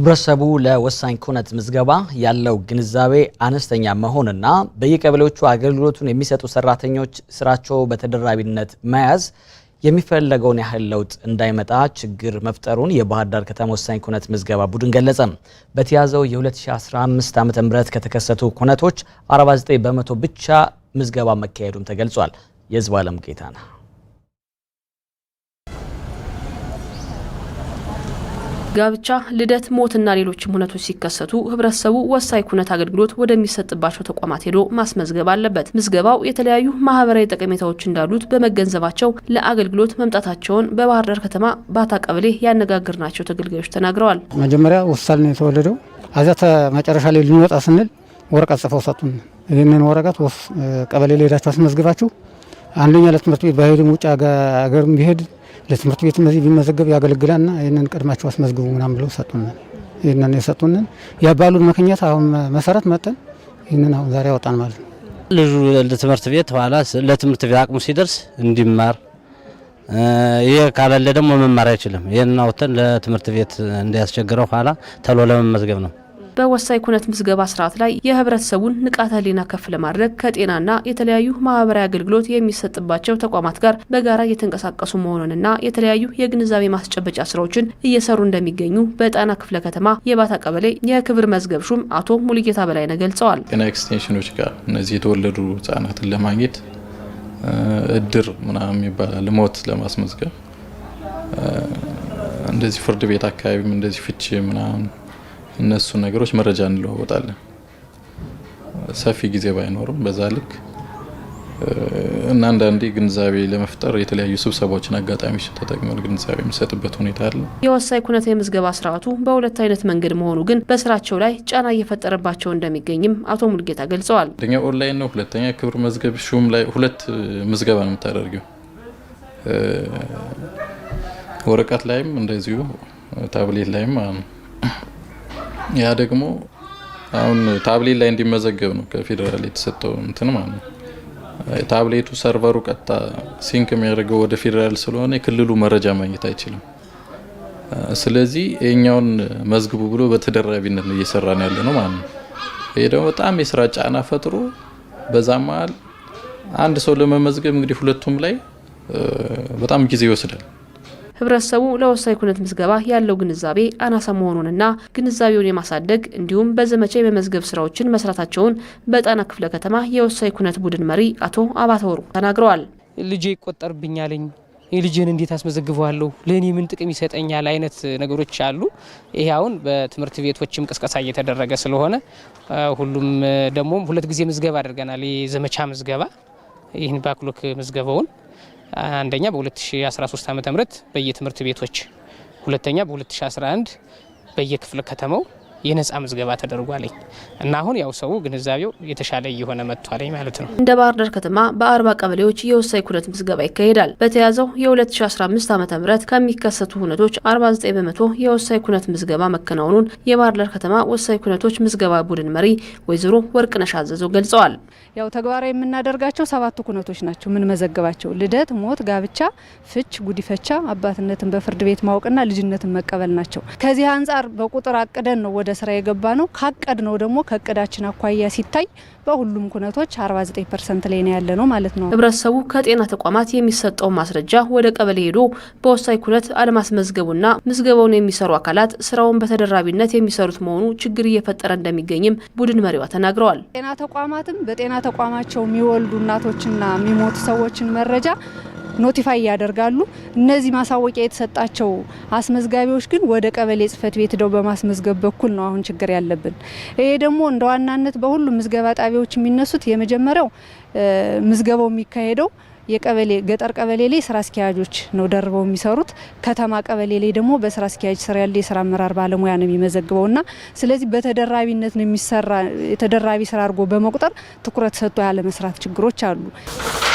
ህብረተሰቡ ለወሳኝ ኩነት ምዝገባ ያለው ግንዛቤ አነስተኛ መሆንና በየቀበሌዎቹ አገልግሎቱን የሚሰጡ ሰራተኞች ስራቸው በተደራቢነት መያዝ የሚፈለገውን ያህል ለውጥ እንዳይመጣ ችግር መፍጠሩን የባህር ዳር ከተማ ወሳኝ ኩነት ምዝገባ ቡድን ገለጸ። በተያዘው የ2015 ዓ ም ከተከሰቱ ኩነቶች 49 በመቶ ብቻ ምዝገባ መካሄዱም ተገልጿል። የህዝብ አለም ጌታ ነው። ጋብቻ፣ ልደት፣ ሞትና ሌሎችም ሁነቶች ሲከሰቱ ህብረተሰቡ ወሳኝ ኩነት አገልግሎት ወደሚሰጥባቸው ተቋማት ሄዶ ማስመዝገብ አለበት። ምዝገባው የተለያዩ ማህበራዊ ጠቀሜታዎች እንዳሉት በመገንዘባቸው ለአገልግሎት መምጣታቸውን በባህር ዳር ከተማ ባታ ቀበሌ ናቸው ተገልጋዮች ተናግረዋል። መጀመሪያ ውሳል ነው የተወለደው። አዚያ መጨረሻ ላይ ልንወጣ ስንል ወረቀት ጽፈው ሰጡን። ይህንን ወረቀት ቀበሌ ላይ ሄዳችሁ አስመዝግባችሁ አንደኛ ለትምህርት ቤት ባይሄድም ውጭ ሀገርም ቢሄድ ለትምህርት ቤት ቢመዘገብ ያገለግላልና ይህንን ቀድማቸው አስመዝግቡ ምናም ብለው ሰጡንን። ይህንን የሰጡንን ያባሉን ምክንያት አሁን መሰረት መጠን ይህንን አሁን ዛሬ ያወጣን ማለት ነው። ልጁ ለትምህርት ቤት ኋላ ለትምህርት ቤት አቅሙ ሲደርስ እንዲማር ይህ ካለለ ደግሞ መማር አይችልም። ይህንን አውጥተን ለትምህርት ቤት እንዲያስቸግረው ኋላ ተሎ ለመመዝገብ ነው። በወሳኝ ኩነት ምዝገባ ስርዓት ላይ የህብረተሰቡን ንቃተ ህሊና ከፍ ለማድረግ ከጤናና የተለያዩ ማህበራዊ አገልግሎት የሚሰጥባቸው ተቋማት ጋር በጋራ እየተንቀሳቀሱ መሆኑንና የተለያዩ የግንዛቤ ማስጨበጫ ስራዎችን እየሰሩ እንደሚገኙ በጣና ክፍለ ከተማ የባታ ቀበሌ የክብር መዝገብ ሹም አቶ ሙሉጌታ በላይነ ገልጸዋል። ጤና ኤክስቴንሽኖች ጋር እነዚህ የተወለዱ ህጻናትን ለማግኘት እድር ምናምን ይባላል ሞት ለማስመዝገብ እንደዚህ ፍርድ ቤት አካባቢም እንደዚህ ፍቺ ምናምን እነሱን ነገሮች መረጃ እንለዋወጣለን። ሰፊ ጊዜ ባይኖርም በዛ ልክ እና አንዳንዴ ግንዛቤ ለመፍጠር የተለያዩ ስብሰባዎችን አጋጣሚዎች ተጠቅመን ግንዛቤ የሚሰጥበት ሁኔታ አለ። የወሳኝ ኩነት የምዝገባ ስርዓቱ በሁለት አይነት መንገድ መሆኑ ግን በስራቸው ላይ ጫና እየፈጠረባቸው እንደሚገኝም አቶ ሙልጌታ ገልጸዋል። አንደኛ ኦንላይን ነው፣ ሁለተኛ ክብር መዝገብ ሹም ላይ ሁለት ምዝገባ ነው የምታደርገው። ወረቀት ላይም እንደዚሁ ታብሌት ላይም ያ ደግሞ አሁን ታብሌት ላይ እንዲመዘገብ ነው ከፌዴራል የተሰጠው እንትን ማለት ነው። ታብሌቱ ሰርቨሩ ቀጥታ ሲንክ የሚያደርገው ወደ ፌዴራል ስለሆነ የክልሉ መረጃ ማግኘት አይችልም። ስለዚህ የኛውን መዝግቡ ብሎ በተደራቢነት ነው እየሰራ ነው ያለ ነው ማለት ነው። ይሄ ደግሞ በጣም የስራ ጫና ፈጥሮ በዛ መሀል አንድ ሰው ለመመዝገብ እንግዲህ ሁለቱም ላይ በጣም ጊዜ ይወስዳል። ህብረተሰቡ ለወሳኝ ኩነት ምዝገባ ያለው ግንዛቤ አናሳ መሆኑንና ግንዛቤውን የማሳደግ እንዲሁም በዘመቻ የመመዝገብ ስራዎችን መስራታቸውን በጣና ክፍለ ከተማ የወሳኝ ኩነት ቡድን መሪ አቶ አባተ ወርቁ ተናግረዋል። ልጄ ይቆጠርብኛለኝ፣ ልጄን እንዴት አስመዘግበዋለሁ፣ ለእኔ ምን ጥቅም ይሰጠኛል አይነት ነገሮች አሉ። ይሄ አሁን በትምህርት ቤቶችም ቅስቀሳ እየተደረገ ስለሆነ ሁሉም ደግሞ ሁለት ጊዜ ምዝገባ አድርገናል። የዘመቻ ምዝገባ ይህን ባክሎክ ምዝገባውን አንደኛ በ2013 ዓ ም በየትምህርት ቤቶች ሁለተኛ በ2011 በየክፍለ ከተማው የነጻ ምዝገባ ተደርጓለኝ እና አሁን ያው ሰው ግንዛቤው የተሻለ እየሆነ መጥቷለኝ ማለት ነው። እንደ ባህር ዳር ከተማ በአርባ ቀበሌዎች የወሳኝ ኩነት ምዝገባ ይካሄዳል። በተያዘው የ2015 ዓ ም ከሚከሰቱ ሁነቶች 49 በመቶ የወሳኝ ኩነት ምዝገባ መከናወኑን የባህር ዳር ከተማ ወሳኝ ኩነቶች ምዝገባ ቡድን መሪ ወይዘሮ ወርቅነሽ አዘዘው ገልጸዋል። ያው ተግባራዊ የምናደርጋቸው ሰባቱ ኩነቶች ናቸው መዘገባቸው ልደት፣ ሞት፣ ጋብቻ፣ ፍች፣ ጉዲፈቻ፣ አባትነትን በፍርድ ቤት ማወቅና ልጅነትን መቀበል ናቸው። ከዚህ አንጻር በቁጥር አቅደን ነው ወደ ወደ ስራ የገባ ነው። ካቀድ ነው ደግሞ ከእቅዳችን አኳያ ሲታይ በሁሉም ኩነቶች 49 ፐርሰንት ላይ ነው ያለ ነው ማለት ነው። ህብረተሰቡ ከጤና ተቋማት የሚሰጠውን ማስረጃ ወደ ቀበሌ ሄዶ በወሳኝ ኩነት አለማስመዝገቡና ምዝገባውን የሚሰሩ አካላት ስራውን በተደራቢነት የሚሰሩት መሆኑ ችግር እየፈጠረ እንደሚገኝም ቡድን መሪዋ ተናግረዋል። ጤና ተቋማትም በጤና ተቋማቸው የሚወልዱ እናቶችና የሚሞቱ ሰዎችን መረጃ ኖቲፋይ ያደርጋሉ። እነዚህ ማሳወቂያ የተሰጣቸው አስመዝጋቢዎች ግን ወደ ቀበሌ ጽህፈት ቤት ሄደው በማስመዝገብ በኩል ነው አሁን ችግር ያለብን። ይሄ ደግሞ እንደ ዋናነት በሁሉም ምዝገባ ጣቢያዎች የሚነሱት የመጀመሪያው ምዝገባው የሚካሄደው የቀበሌ ገጠር ቀበሌ ላይ ስራ አስኪያጆች ነው ደርበው የሚሰሩት። ከተማ ቀበሌ ላይ ደግሞ በስራ አስኪያጅ ስራ ያለ የስራ አመራር ባለሙያ ነው የሚመዘግበው እና ስለዚህ በተደራቢነት ነው የሚሰራ የተደራቢ ስራ አድርጎ በመቁጠር ትኩረት ሰጥቶ ያለመስራት ችግሮች አሉ።